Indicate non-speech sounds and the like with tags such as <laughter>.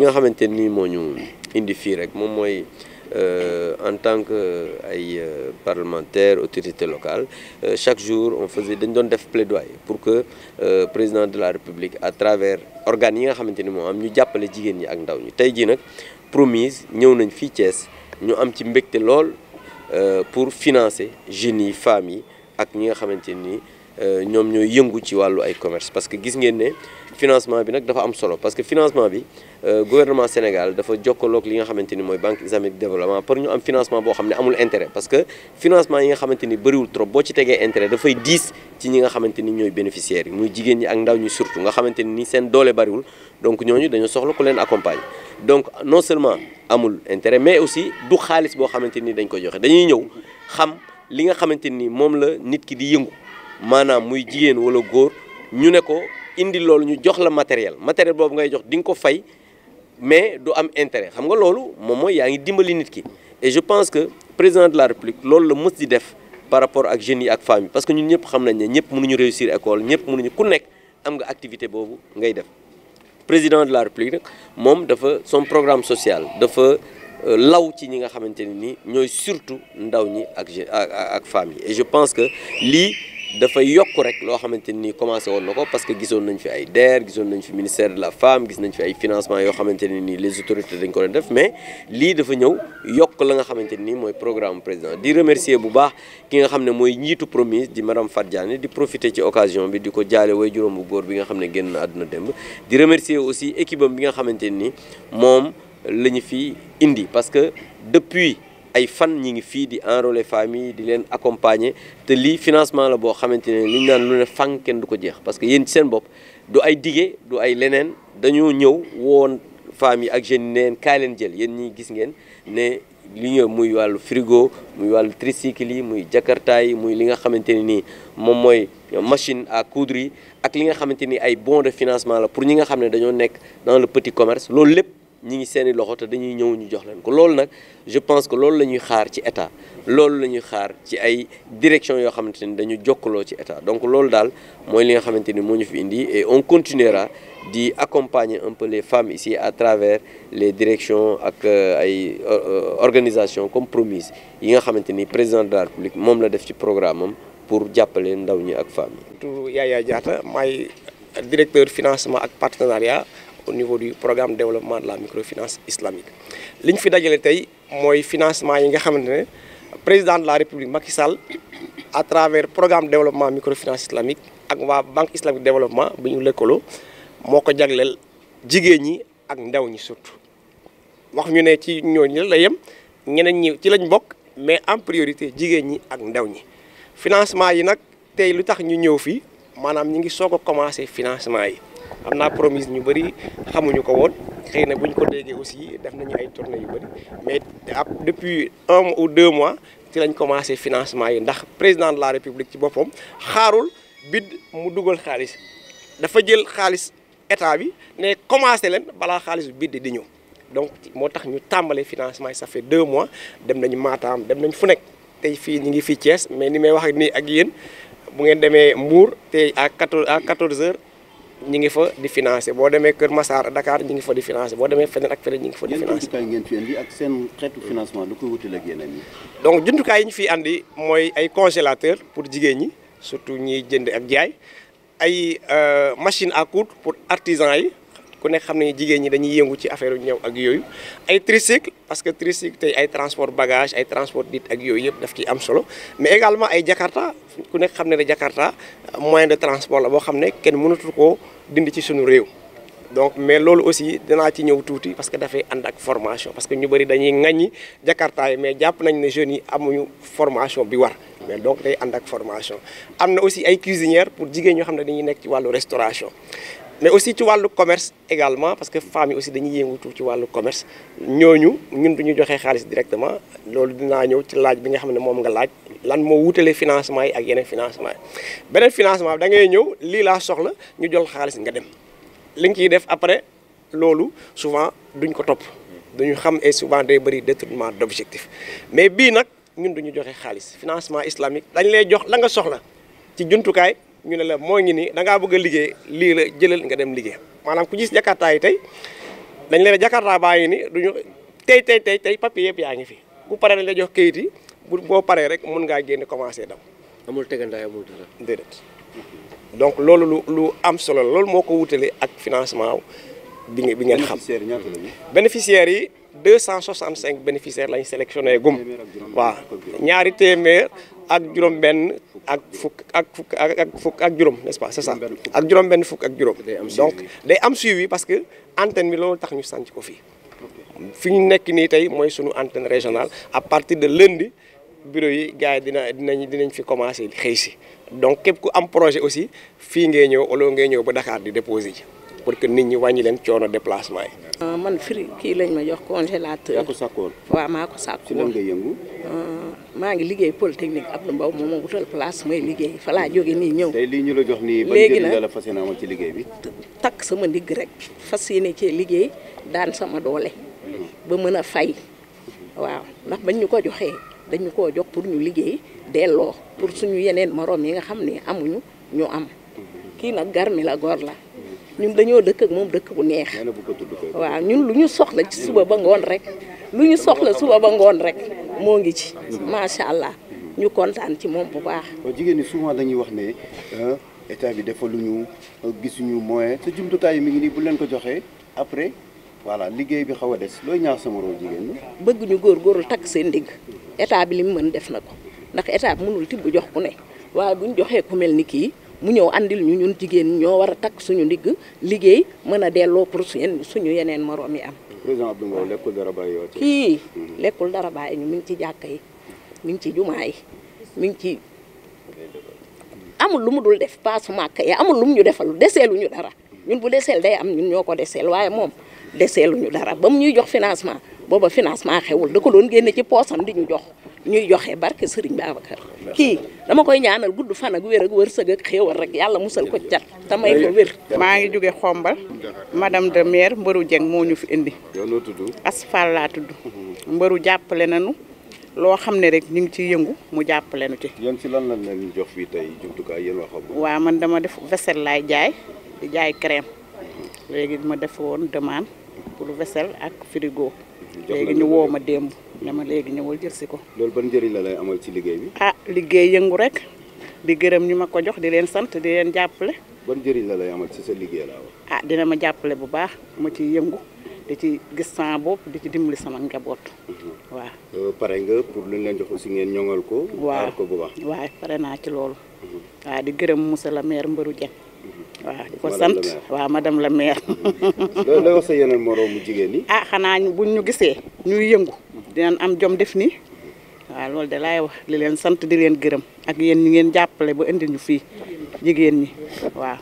li nga xamante ni moo ñu indi fii rek moom mooy euh, en tant que ay euh, parlementaire autorité locale euh, chaque jour on faisait dañ doon def plaidoyer pour que président de la république à travers organes yi nga xamante ni moo am ñu jàppale jigéen ñi ak ndaw ñu tey jii nag promise ñëw nañ fii cees ñu am ci mbégte lool pour financer jeunes yi femmes yi ak ñi nga xamante ni. Euh, ñoom ñooy yëngu ci wàllu ay commerce parce que gis ngeen ne financement bi nag dafa am solo parce que financement bi euh, gouvernement Sénégal dafa jokkaloog li nga xamante ni mooy banque islamique de développement pour ñu am financement boo xam ne amul intérêt parce que ni bëriwul trop boo ci tegee intérêt dafay diis ci ñi xamante ni ñooy bénéficiaires yi muy jigéen ñi ak ndaw ñi surtout nga xamante ni seen doole bëriwul donc ñooñu dañoo soxla ku leen accompagne donc non seulement amul intérêt mais aussi du xaalis boo xamante ni dañ ko joxe dañuy ñëw xam li nga xamante ni moom la nit ki di yëngu maanaam muy jigéen wala góor ñu ne ko indi loolu ñu jox la matériel matériel boobu ngay jox di nga ko fay mais du am intérêt xam nga loolu moom mooy yaa ngi dimbali nit ki et je pense que président de la république loolu la mës di def par rapport ak jeunes yi ak femmes yi parce que ñun ñëpp xam nañ ne ñëpp mënuñu réussir école ñëpp mënuñu ku nekk am nga activité boobu ngay def président de la république nag moom dafa son programme social dafa euh, law ci ñi nga xamante ne nii ñooy surtout ndaw ñi ak ak femmes je pense que lii dafa yokk rek loo xamante ni commencé woon na ko parce que gisoon nañ fi ay DER gisoon nañ fi ministère de la femme gis nañ fi ay financement yoo xamante ne nii les autorités dañ ko doon def mais lii dafa ñëw yokk la nga xamante ni mooy programme président di remercier bu baax ki nga xam ne mooy njiitu promise di madame Fatou Diané di profiter ci occasion bi di ko jaale way juróom bu góor bi nga xam ne génn na àdduna démb di remercier aussi équipe bi nga xamante ni moom la ñu fi indi parce que depuis ay fan ñi ngi fii di enrôler famille di leen accompagner te lii financement la boo xamante ne lu ñu naan lu ne fang kenn du ko jeex parce que yéen ci seen bopp du ay dige du ay leneen dañoo ñëw woon famille ak jeunes neen kaay leen jël yéen ñi gis ngeen ne li ñëw muy wàllu frigo muy wàllu tricycle yi muy jakarta yi muy li nga xamante ne nii moom mooy machine à coudre ak li nga xamante ni ay bons de financement la pour ñi nga xam ne dañoo nekk dans le petit commerce loolu lépp ñi ngi seeni loxo te dañuy ñëw ñu jox leen ko loolu nag je pense que loolu lañuy xaar ci état loolu la ñuy xaar ci ay direction yoo xamante ni dañu jokkaloo ci état donc loolu daal mooy li nga xamante ni moo ñu fi indi et on continuera di accompagner un femmes ici à travers les directions ak euh, ay euh, organisations comme promise yi nga xamante ni président de la république moom la def ci programme am pour jàppale ndaw ñi ak femmes yi. Yaaya Diatta directeur financement ak partenariat. au niveau du programme de développement de la microfinance islamique li ñu fi dajale tey mooy financement yi nga xamante ne président de la république Macky Sall à travers programme de développement microfinance islamique ak waa banque islamique développement bu ñu lëkkaloo moo ko jagleel jigéen ñi ak ndaw ñi surtout wax ñu ne ci ñëw ñooñu la yem ñeneen ñi ci lañ bokk mais en priorité jigéen ñi ak ndaw ñi financement yi nag tey lu tax ñu ñëw fii maanaam ñu ngi soog a commencé financement yi am na promise ñu bëri xamuñu ko woon xëy na buñ ko déggee aussi def nañu ay tournées ñu bëri mais ab depuis un ou deux mois ci lañ commencé financement yi ndax président de la république ci boppam xaarul bid mu dugal xaalis dafa jël xaalis état bi ne commencé leen balaa xaalis bid di ñëw donc moo tax ñu tàmbale financement yi ça fait deux mois dem nañu Matam dem nañ fu nekk tey fii ñu ngi fii cees mais ni may wax ak nii ak yéen bu ngeen demee Mbour tey à quatorze à quatorze heures ñi ngi fa di financé boo demee Kër Massar dakaar ñi ngi fo di financé boo demee feneen ak feneen ñi ngi fa di financé ngeen ak seen xeetu financement lu koy wutale ak yeneen yi donc jumtukaay yi ñu fiy andi mooy ay congélateur pour jigéen ñi surtout ñiy jënd ak jaay ay euh, machine à coudre pour artisan yi ku ne xam ne jigéen ñi dañuy yëngu ci affaire ñëw ak yooyu ay tricycle parce que tricycle tey ay transport bagage ay transport dit ak yooyu yëpp daf ciy am solo mais également ay jakarta ku ne xam ne ne jakarta euh, moyen de transport la boo xam ne kenn mënatul koo dindi ci suñu réew donc mais loolu aussi danaa ci ñëw tuuti parce que dafay ànd ak formation parce que ñu bëri dañuy ŋaññi jakarta yi mais jàpp nañ ne jeunes yi amuñu formation bi war mais donc day ànd ak formation am na aussi ay cuisinières pour jigéen ñoo xam ne dañuy nekk ci wàllu restauration mais aussi ci wàllu commerce également parce que femmes yi aussi dañuy yëngutu ci wàllu commerce ñooñu ñun du ñu joxe xaalis directement loolu dinaa ñëw ci laaj bi nga xam ne moom nga laaj lan moo wutalee financement yi ak yeneen financement yi beneen financement bi da ngay ñëw lii laa soxla ñu jël xaalis nga dem li nga ciy def après loolu souvent duñ ko topp duñu xam et souvent day bëri détournement d'objectif mais bii nag ñun du ñu joxe xaalis financement islamique dañ lay jox la nga soxla ci jumtukaay ñu ne la moo ngi nii da ngaa bëgg a liggéey lii la jëlal nga dem liggéey maanaam ku gis jakartaa tey dañ leen jakartaa baa ngi nii duñu tey tey tey tey yëpp yaa ngi fi bu paree dañ la jox kayit yi bu boo paree rek mun ngaa génn commencé daw. amul tegandaay amul dara déedéet donc loolu lu lu am solo la loolu moo ko wutale ak financement bi nga bi ngeen xam bénéficiaires yi deux cent soixante cinq bénéficiaires lañ sélectionné gum waaw ñaari téeméer ak juróom-benn ak fukk ak fukk ak fukk ak juróom n'est-ce pas c'est ça ak juróom-benn fukk ak juróom. donc day am suivi parce que antenne bi loolu tax ñu sànc ko fii. fi ñu nekk nii tey mooy sunu antenne régionale à partir de lundi bureau yi gars yi dina dinañ dinañ fi commencé xëy si donc képp ku am projet aussi fii ngay ñëw oloo ngay ñëw ba Dakar di déposer ji pour que nit ñi wàññi leen coono déplacement euh, man firi kii lañ ma jox ko sàkkoon waaw maa ko sàkkoon. ci lan ngay yëngu. Euh, maa ngi liggéey pol technique polytechnique Abdou Mbow moom moo wutal place may liggéey fa laa jóge nii ñëw. tey lii ñu la jox nii ban njëriñ la la fas yéene amal ci liggéey takk sama ndigg rek fas yéene cee liggéey daan sama doole ba mën a fay waaw ndax bañ ñu ko joxee dañu ko jox pour ñu liggéey delloo pour suñu yeneen morom yi nga xam ni amuñu ñu am kii nag garmi la góor la ñun dañoo dëkk moom dëkk bu neex. waaw ñun lu ñu soxla ci suba ba ngoon rek lu soxla suba ba ngoon rek. moo ngi ci macha allah ñu kontaan ci moom bu baax. jigéen ñi souvent dañuy wax ne ah, état bi defaluñu gisuñu moyen sa jumtukaay yi mi ngi nii bu leen ko joxee après voilà liggéey bi xaw a des looy ñaar sama rôle jigéen ñi. bëgg ñu góorgóorlu takk seen ndigg état bi li mu mën def na ko ndax état bi mënul tibb jox ku ne waaye buñ joxee ku mel ni kii. mu ñëw andil ñu ñun jigéen ñoo war a takk suñu ndigg liggéey mën a delloo pour suñu yeneen moroom yi am président Abdou Mbow lekkul dara bàyyi yow. kii lekkul dara bàyyi ñu mi ngi ci jàkka yi mi ngi ci jumaa yi mi ngi ci amul lu mu dul def paasu màkk yi amul lu mu ñu defal deseelu ñu dara ñun bu deseel day am ñun ñoo ko deseel waaye moom deseelu ñu dara ba mu ñuy jox financement. booba financement xewul da ko doon génne ci poosam di ñu jox ñuy joxe barke Serigne Babacar kii dama koy ñaanal gudd fan ak wér ak wërsëg ak xéewal rek yàlla musal ko cat te may ko wér. maa ngi jóge xombal madame de maire mbaru Dieng moo ñu fi indi. yow tudd. Asfal laa tudd. Mhm. mbaru jàppale na nu loo xam ne rek ñu ngi ciy yëngu mu jàppale nu ci. yéen ci lan lañ leen jox fii man dama def vaisselle laay jaay jaay crème mhm. léegi ma def woon demande. pour vaisselle ak frigo. Mhm. léegi ñu woo ma démb ne ma léegi ñëwal jël si ko. loolu ban njëriñ la lay amal ci liggéey bi. ah liggéey yëngu rek di gërëm ñu ma ko jox di leen sant di leen jàppale. ban njëriñ la lay amal ci sa liggéey laa wax. ah dina ma jàppale bu baax ma ciy yëngu. di ci gis sama bopp di ci dimbali sama njaboot. Mhm. waaw. Euh, pare nga pour lu leen jox aussi ngeen ñoŋal ko. waaw aar ko bu baax. waaw pare naa ci loolu. Mhm. waaw di gërëm Moussa la maire Mbarou Dieng. waaw di ko sant waaw madame la maire. <laughs> looy wax sa yeneen moroomu jigéen ñi. ah xanaa buñ ñu gisee ñuy yëngu dinañ am jom def nii waaw loolu de laay wax di leen sant di leen gërëm ak yéen ñi ngeen jàppale ba indi ñu fii jigéen ñi waaw.